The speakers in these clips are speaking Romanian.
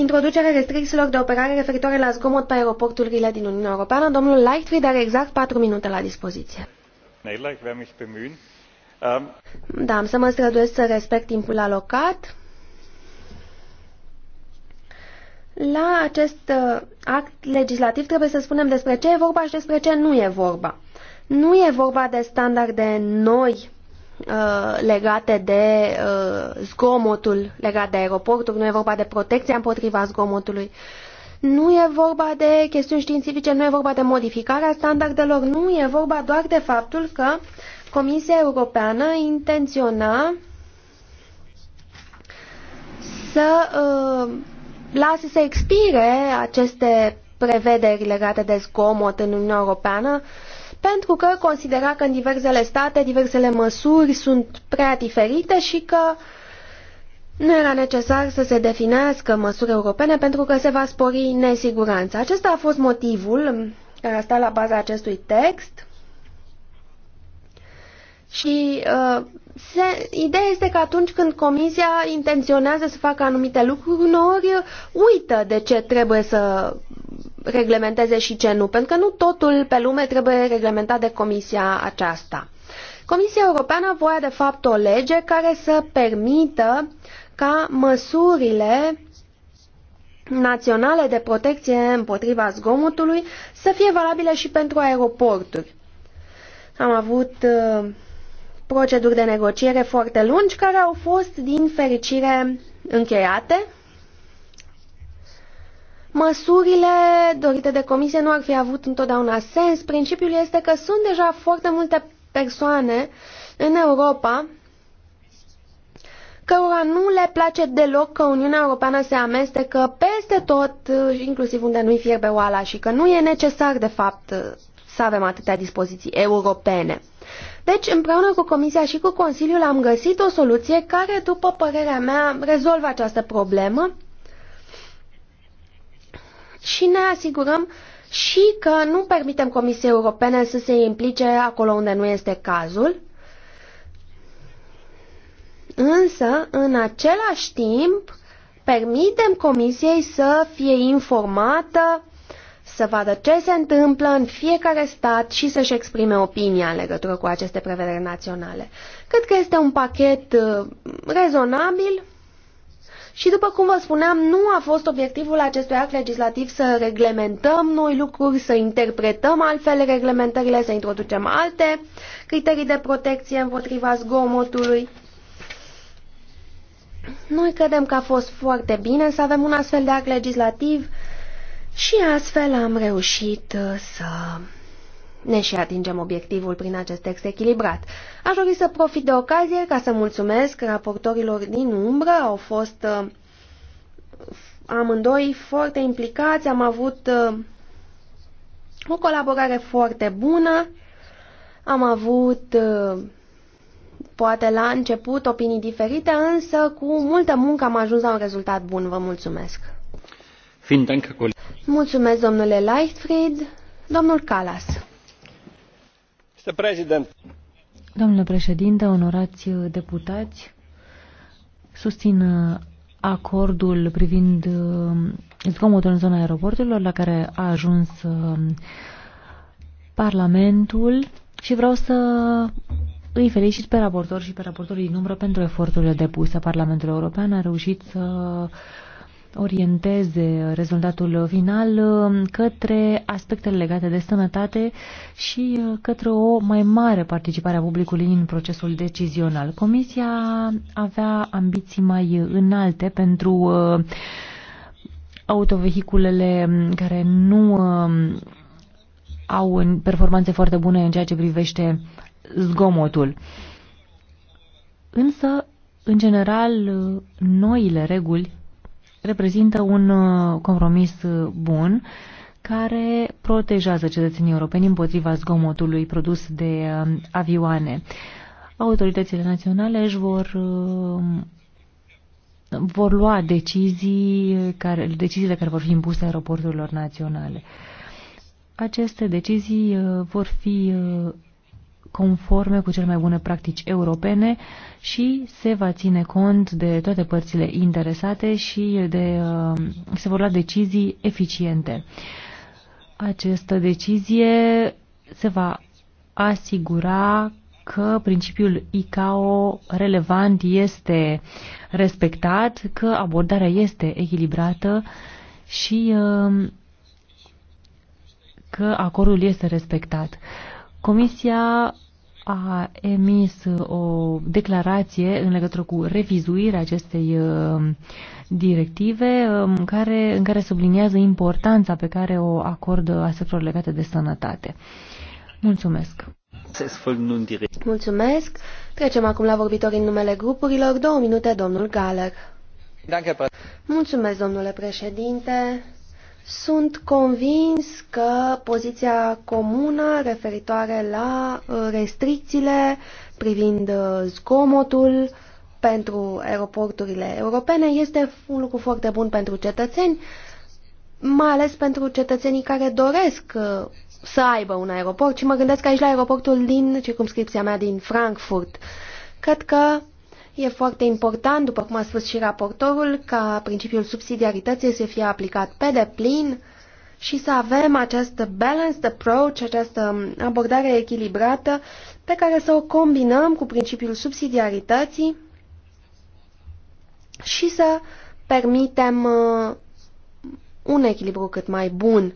introducerea restricțiilor de operare referitoare la zgomot pe aeroporturile din Uniunea Europeană. Domnul Lightfried are exact patru minute la dispoziție. Um, da, am să mă străduiesc să respect timpul alocat. La acest uh, act legislativ trebuie să spunem despre ce e vorba și despre ce nu e vorba. Nu e vorba de standarde noi Uh, legate de uh, zgomotul legat de aeroporturi, nu e vorba de protecția împotriva zgomotului, nu e vorba de chestiuni științifice, nu e vorba de modificarea standardelor, nu e vorba doar de faptul că Comisia Europeană intenționa să uh, lase să expire aceste prevederi legate de zgomot în Uniunea Europeană uh, pentru că considera că în diversele state diversele măsuri sunt prea diferite și că nu era necesar să se definească măsuri europene pentru că se va spori nesiguranța. Acesta a fost motivul care a stat la baza acestui text și uh, se, ideea este că atunci când comisia intenționează să facă anumite lucruri, uneori uh, uită de ce trebuie să reglementeze și ce nu, pentru că nu totul pe lume trebuie reglementat de comisia aceasta. Comisia Europeană voia de fapt o lege care să permită ca măsurile naționale de protecție împotriva zgomotului să fie valabile și pentru aeroporturi. Am avut uh, proceduri de negociere foarte lungi care au fost, din fericire, încheiate. Măsurile dorite de comisie nu ar fi avut întotdeauna sens. Principiul este că sunt deja foarte multe persoane în Europa cărora nu le place deloc că Uniunea Europeană se amestecă peste tot, inclusiv unde nu-i fierbe oala și că nu e necesar, de fapt, să avem atâtea dispoziții europene. Deci, împreună cu Comisia și cu Consiliul am găsit o soluție care, după părerea mea, rezolvă această problemă și ne asigurăm și că nu permitem Comisiei Europene să se implice acolo unde nu este cazul. Însă, în același timp, permitem Comisiei să fie informată să vadă ce se întâmplă în fiecare stat și să-și exprime opinia în legătură cu aceste prevederi naționale. Cred că este un pachet uh, rezonabil și, după cum vă spuneam, nu a fost obiectivul acestui act legislativ să reglementăm noi lucruri, să interpretăm altfel reglementările, să introducem alte criterii de protecție împotriva zgomotului. Noi credem că a fost foarte bine să avem un astfel de act legislativ și astfel am reușit uh, să ne și atingem obiectivul prin acest text echilibrat. Aș dori să profit de ocazie ca să mulțumesc raportorilor din umbră, au fost uh, amândoi foarte implicați, am avut uh, o colaborare foarte bună, am avut poate la început opinii diferite, însă cu multă muncă am ajuns la un rezultat bun. Vă mulțumesc! Mulțumesc, domnule Leichtfried. Domnul Calas. Domnule președinte, onorați deputați, susțin uh, acordul privind uh, zgomotul în zona aeroporturilor la care a ajuns uh, Parlamentul și vreau să îi felicit pe raportor și pe raportorii din umbră pentru eforturile depuse. Parlamentul European a reușit să orienteze rezultatul final uh, către aspectele legate de sănătate și uh, către o mai mare participare a publicului în procesul decizional. Comisia avea ambiții mai înalte pentru uh, autovehiculele care nu au performanțe foarte bune în ceea ce privește zgomotul. Însă, în general, noile reguli reprezintă un uh, compromis uh, bun care protejează cetățenii europeni împotriva zgomotului produs de um, avioane. Autoritățile naționale își vor um, vor lua decizii care, deciziile care vor fi impuse aeroporturilor naționale. Aceste decizii uh, vor fi conforme cu cele mai bune practici europene și se va ține cont de toate părțile interesate și de, uh, se vor lua decizii eficiente. Această decizie se va asigura că principiul ICAO relevant este respectat, că abordarea este echilibrată și uh, că acordul este respectat. Comisia a emis o declarație în legătură cu revizuirea acestei uh, directive în um, care, în care subliniază importanța pe care o acordă aspectelor legate de sănătate. Mulțumesc! Mulțumesc! Trecem acum la vorbitori în numele grupurilor. Două minute, domnul Galer. Mulțumesc, domnule președinte! Sunt convins că poziția comună referitoare la uh, restricțiile privind uh, zgomotul pentru aeroporturile europene este un lucru foarte bun pentru cetățeni, mai ales pentru cetățenii care doresc uh, să aibă un aeroport și mă gândesc aici la aeroportul din circumscripția mea din Frankfurt. Cred că E foarte important, după cum a spus și raportorul, ca principiul subsidiarității să fie aplicat pe deplin și să avem această balanced approach, această abordare echilibrată pe care să o combinăm cu principiul subsidiarității și să permitem uh, un echilibru cât mai bun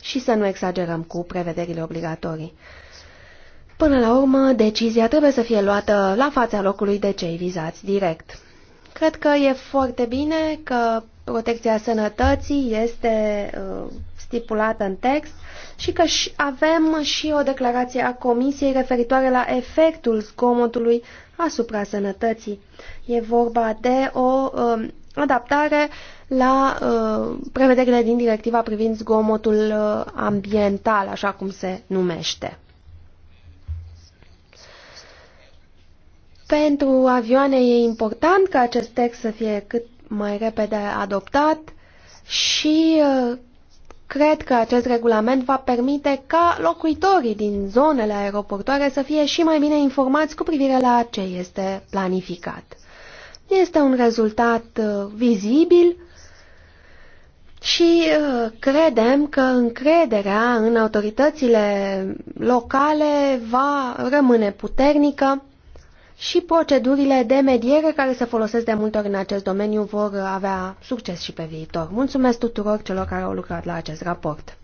și să nu exagerăm cu prevederile obligatorii. Până la urmă, decizia trebuie să fie luată la fața locului de cei vizați direct. Cred că e foarte bine că protecția sănătății este uh, stipulată în text și că și avem și o declarație a Comisiei referitoare la efectul zgomotului asupra sănătății. E vorba de o uh, adaptare la uh, prevederile din directiva privind zgomotul uh, ambiental, așa cum se numește. Pentru avioane e important ca acest text să fie cât mai repede adoptat și uh, cred că acest regulament va permite ca locuitorii din zonele aeroportoare să fie și mai bine informați cu privire la ce este planificat. Este un rezultat uh, vizibil și uh, credem că încrederea în autoritățile locale va rămâne puternică și procedurile de mediere care se folosesc de multe ori în acest domeniu vor avea succes și pe viitor. Mulțumesc tuturor celor care au lucrat la acest raport.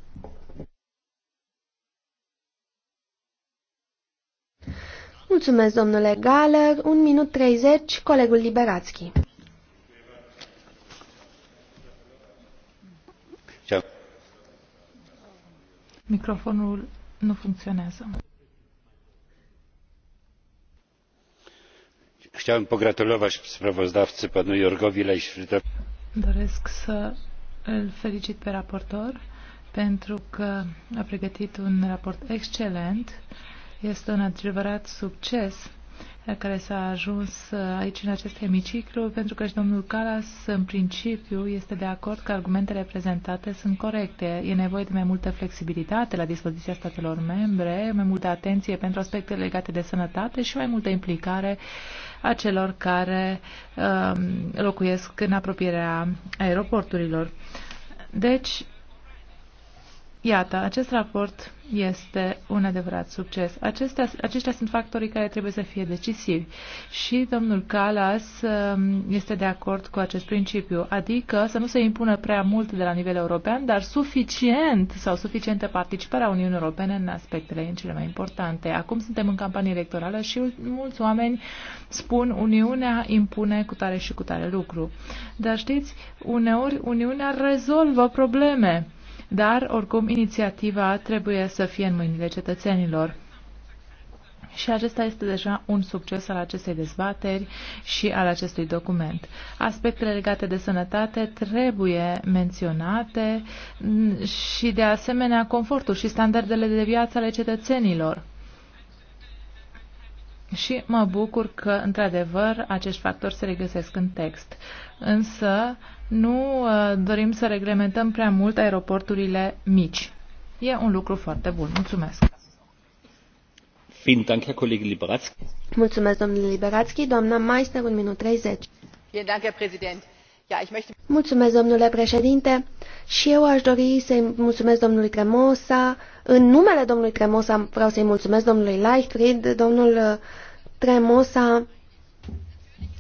Mulțumesc, domnule Galer. Un minut 30, colegul Liberațchi. Microfonul nu funcționează. Chciałem pogratulować sprawozdawcy panu Jorgowi leichtfriedowi Doresc să îl felicit pe raportor pentru că a pregătit un raport excelent. Este un adevărat succes care s-a ajuns uh, aici în acest hemiciclu, pentru că și domnul Calas, în principiu, este de acord că argumentele prezentate sunt corecte. E nevoie de mai multă flexibilitate la dispoziția statelor membre, mai multă atenție pentru aspecte legate de sănătate și mai multă implicare a celor care um, locuiesc în apropierea aeroporturilor. Deci, Iată, acest raport este un adevărat succes. Acestea, aceștia sunt factorii care trebuie să fie decisivi și domnul Calas um, este de acord cu acest principiu, adică să nu se impună prea mult de la nivel european, dar suficient sau suficientă participarea Uniunii Europene în aspectele în cele mai importante. Acum suntem în campanie electorală și mulți oameni spun Uniunea impune cu tare și cu tare lucru. Dar știți, uneori Uniunea rezolvă probleme dar oricum inițiativa trebuie să fie în mâinile cetățenilor. Și acesta este deja un succes al acestei dezbateri și al acestui document. Aspectele legate de sănătate trebuie menționate mm, și, de asemenea, confortul și standardele de viață ale cetățenilor. Și mă bucur că, într-adevăr, acești factori se regăsesc în text. Însă, nu uh, dorim să reglementăm prea mult aeroporturile mici. E un lucru foarte bun. Mulțumesc. Mulțumesc, domnule Liberatski. Doamna Meister, un minut 30. Mulțumesc, domnule președinte. Și eu aș dori să-i mulțumesc domnului Tremosa. În numele domnului Tremosa vreau să-i mulțumesc domnului Leichtfried. Domnul uh, Tremosa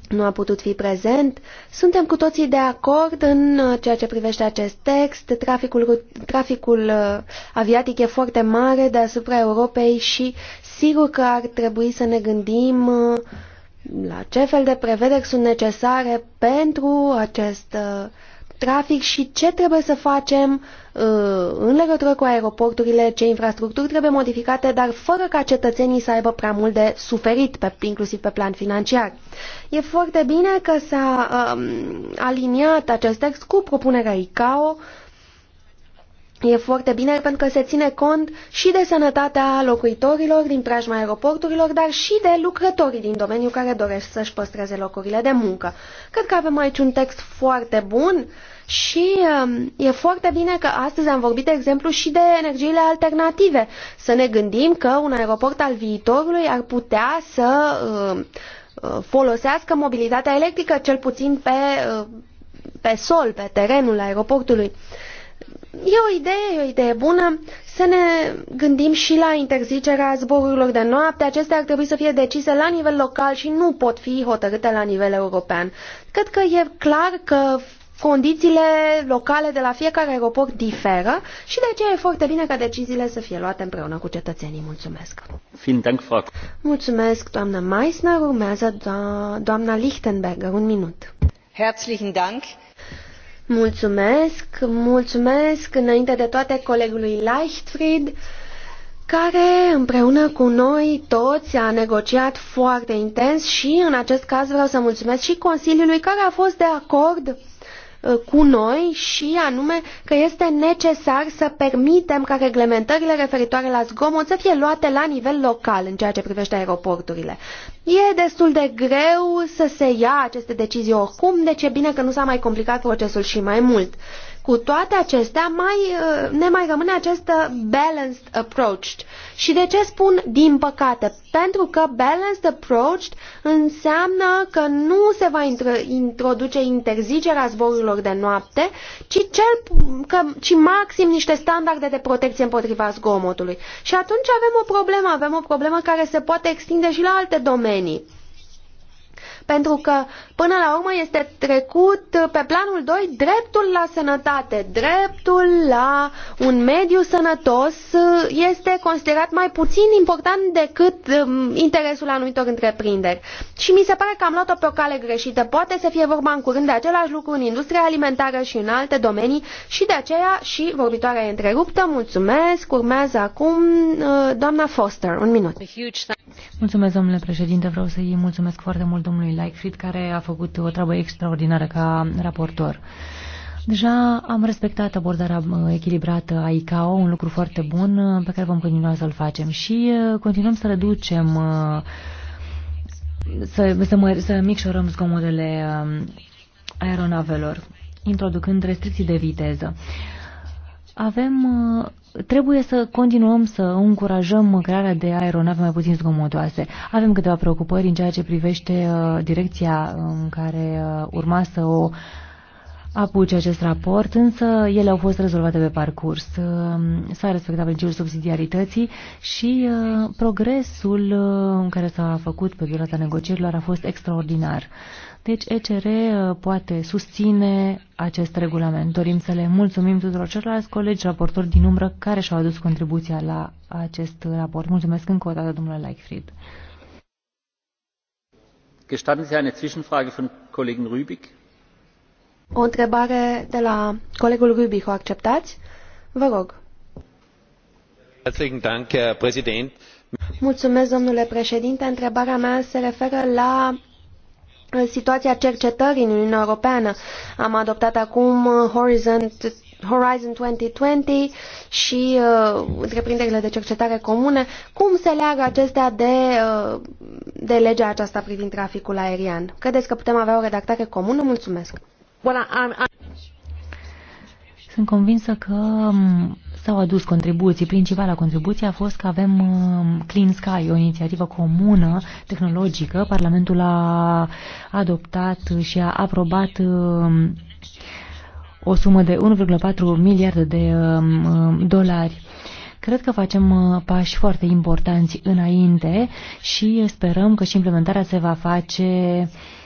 nu a putut fi prezent. Suntem cu toții de acord în uh, ceea ce privește acest text. Traficul, traficul uh, aviatic e foarte mare deasupra Europei și sigur că ar trebui să ne gândim uh, la ce fel de prevederi sunt necesare pentru acest uh, trafic și ce trebuie să facem uh, în legătură cu aeroporturile, ce infrastructuri trebuie modificate, dar fără ca cetățenii să aibă prea mult de suferit, pe, inclusiv pe plan financiar. E foarte bine că s-a um, aliniat acest text cu propunerea ICAO, uh, E foarte bine pentru că se ține cont și de sănătatea locuitorilor din preajma aeroporturilor, dar și de lucrătorii din domeniu care doresc să-și păstreze locurile de muncă. Cred că avem aici un text foarte bun și um, e foarte bine că astăzi am vorbit, de exemplu, și de energiile alternative. Să ne gândim că un aeroport al viitorului ar putea să um, uh, folosească mobilitatea electrică, cel puțin pe, uh, pe sol, pe terenul aeroportului. E o idee, e o idee bună să ne gândim și la interzicerea zborurilor de noapte. Acestea ar trebui să fie decise la nivel local și nu pot fi hotărâte la nivel european. Cred că e clar că condițiile locale de la fiecare aeroport diferă și de aceea e foarte bine ca deciziile să fie luate împreună cu cetățenii. Mulțumesc! Mulțumesc, doamna Meissner. Urmează do doamna Lichtenberger. Un minut. Herzlichen Dank! Mulțumesc, mulțumesc înainte de toate colegului Leichtfried, care împreună cu noi toți a negociat foarte intens și în acest caz vreau să mulțumesc și Consiliului care a fost de acord Uh, cu noi și anume că este necesar să permitem ca reglementările referitoare la zgomot să fie luate la nivel local în ceea ce privește aeroporturile. E destul de greu să se ia aceste decizii oricum, deci e bine că nu s-a mai complicat procesul și mai mult. Cu toate acestea, mai, uh, ne mai rămâne acest uh, balanced approach. Și de ce spun din păcate? Pentru că balanced approach înseamnă că nu se va introduce interzicerea zborurilor de noapte, ci, cel, că, ci maxim niște standarde de protecție împotriva zgomotului. Și atunci avem o problemă, avem o problemă care se poate extinde și la alte domenii pentru că până la urmă este trecut pe planul 2 dreptul la sănătate. Dreptul la un mediu sănătos este considerat mai puțin important decât um, interesul anumitor întreprinderi. Și mi se pare că am luat-o pe o cale greșită. Poate să fie vorba în curând de același lucru în industria alimentară și în alte domenii și de aceea și vorbitoarea e întreruptă. Mulțumesc. Urmează acum uh, doamna Foster. Un minut. Mulțumesc, domnule președinte. Vreau să-i mulțumesc foarte mult domnului Leichfried, care a făcut o treabă extraordinară ca raportor. Deja am respectat abordarea uh, echilibrată a ICAO, un lucru foarte bun uh, pe care vom continua să-l facem și uh, continuăm să reducem, să, să, mă, să micșorăm zgomotele um, aeronavelor, introducând restricții de viteză. Avem Trebuie să continuăm să încurajăm crearea de aeronave mai puțin zgomotoase. Avem câteva preocupări în ceea ce privește uh, direcția în care uh, urma să o uh, apuce acest raport, însă ele au fost rezolvate pe parcurs. Uh, s-a respectat principiul subsidiarității și uh, progresul în uh, care s-a făcut pe durata negocierilor a fost extraordinar. Deci ECR poate susține acest regulament. Dorim să le mulțumim tuturor celorlalți colegi raportori din umbră care și-au adus contribuția la acest raport. Mulțumesc încă o dată, domnule Leichfried. Gestatten Sie eine Zwischenfrage von Kollegen Rübig? O întrebare de la colegul Rubic, o acceptați? Vă rog. Mulțumesc, domnule președinte. Întrebarea mea se referă la uh, situația cercetării în Uniunea Europeană. Am adoptat acum uh, Horizon, Horizon 2020 și uh, întreprinderile de cercetare comune. Cum se leagă acestea de, uh, de legea aceasta privind traficul aerian? Credeți că putem avea o redactare comună? Mulțumesc! Sunt convinsă că um, s-au adus contribuții. Principala contribuție a fost că avem um, Clean Sky, o inițiativă comună tehnologică. Parlamentul a adoptat și a aprobat um, o sumă de 1,4 miliarde de dolari. Cred că facem uh, pași foarte importanți înainte și sperăm că și implementarea se va face uh,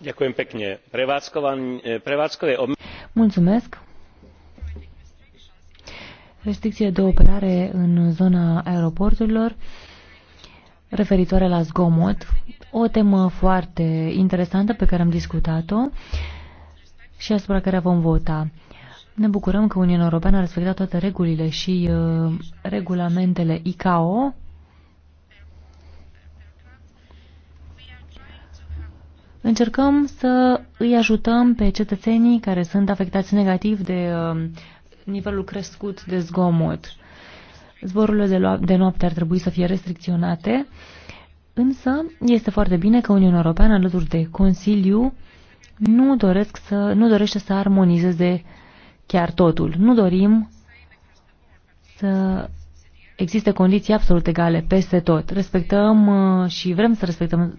Eh, Mulțumesc. Restricțiile de operare în zona aeroporturilor referitoare la zgomot, o temă foarte interesantă pe care am discutat-o și asupra care vom vota. Ne bucurăm că Uniunea Europeană a respectat toate regulile și uh, regulamentele ICAO Încercăm să îi ajutăm pe cetățenii care sunt afectați negativ de um, nivelul crescut de zgomot. Zborurile de noapte ar trebui să fie restricționate, însă este foarte bine că Uniunea Europeană, alături de Consiliu, nu, doresc să, nu dorește să armonizeze chiar totul. Nu dorim să existe condiții absolut egale peste tot. Respectăm uh, și vrem să respectăm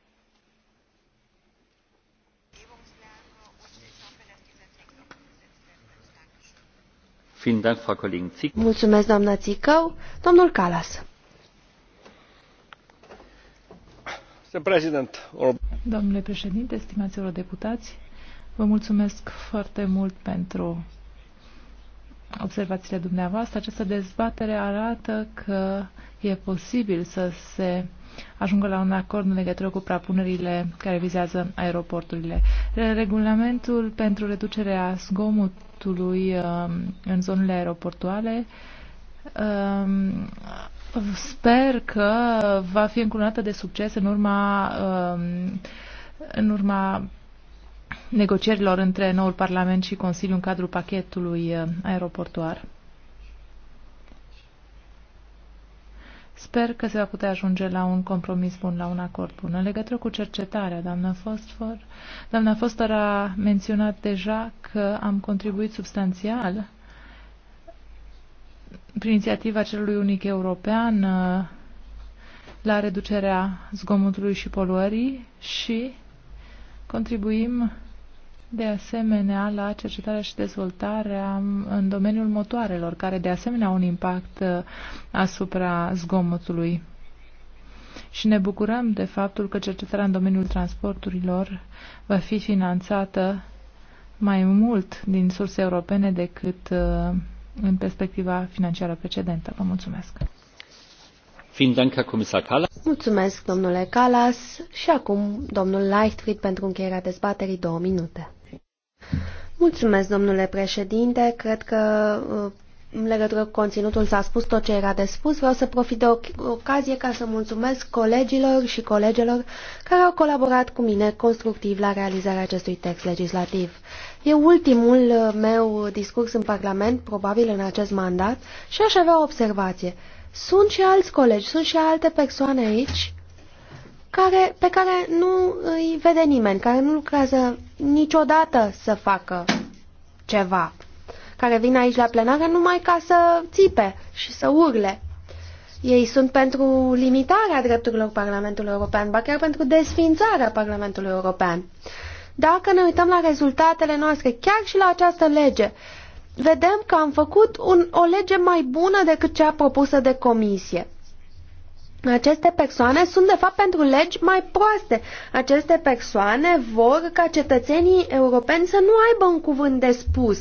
Mulțumesc, doamna Țicău. Domnul Calas. Domnule președinte, stimați eurodeputați, vă mulțumesc foarte mult pentru observațiile dumneavoastră. Această dezbatere arată că e posibil să se ajungă la un acord în legătură cu propunerile care vizează aeroporturile. Regulamentul pentru reducerea zgomotului transportului um, în zonele aeroportuale. Um, sper că va fi încununată de succes în urma, um, în urma negocierilor între noul Parlament și Consiliul în cadrul pachetului uh, aeroportuar. Sper că se va putea ajunge la un compromis bun, la un acord bun. În legătură cu cercetarea, doamna Fosfor, doamna Foster a menționat deja că am contribuit substanțial prin inițiativa celui unic european uh, la reducerea zgomotului și poluării și contribuim de asemenea la cercetarea și dezvoltarea în domeniul motoarelor, care de asemenea au un impact uh, asupra zgomotului. Și ne bucurăm de faptul că cercetarea în domeniul transporturilor va fi finanțată mai mult din surse europene decât uh, în perspectiva financiară precedentă. Vă mulțumesc! Mulțumesc, domnule Calas. Și acum, domnul Lightfried, pentru încheierea dezbaterii, două minute. Mulțumesc, domnule președinte. Cred că uh, în legătură cu conținutul s-a spus tot ce era de spus. Vreau să profit de ocazie ca să mulțumesc colegilor și colegelor care au colaborat cu mine constructiv la realizarea acestui text legislativ. E ultimul uh, meu discurs în Parlament, probabil în acest mandat, și aș avea o observație. Sunt și alți colegi, sunt și alte persoane aici care, pe care nu îi vede nimeni, care nu lucrează niciodată să facă ceva, care vin aici la plenară numai ca să țipe și să urle. Ei sunt pentru limitarea drepturilor Parlamentului European, ba chiar pentru desfințarea Parlamentului European. Dacă ne uităm la rezultatele noastre, chiar și la această lege, vedem că am făcut un, o lege mai bună decât cea propusă de comisie. Aceste persoane sunt de fapt pentru legi mai proaste. Aceste persoane vor ca cetățenii europeni să nu aibă un cuvânt de spus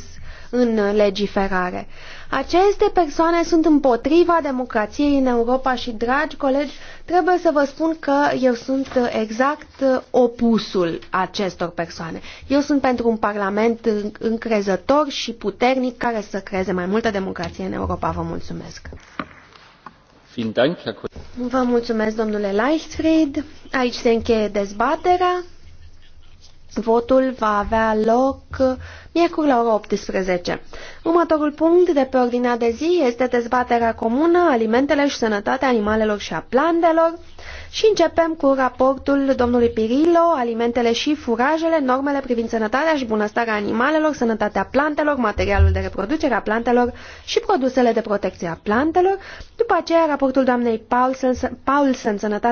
în legiferare. Aceste persoane sunt împotriva democrației în Europa și, dragi colegi, trebuie să vă spun că eu sunt exact opusul acestor persoane. Eu sunt pentru un parlament încrezător și puternic care să creeze mai multă democrație în Europa. Vă mulțumesc! Vă mulțumesc, domnule Leichtfried. Aici se încheie dezbaterea. Votul va avea loc miercuri la ora 18. Următorul punct de pe ordinea de zi este dezbaterea comună alimentele și sănătatea animalelor și a plantelor. Și începem cu raportul domnului Pirilo, alimentele și furajele, normele privind sănătatea și bunăstarea animalelor, sănătatea plantelor, materialul de reproducere a plantelor și produsele de protecție a plantelor. După aceea, raportul doamnei Paulsen, Paulsen sănătatea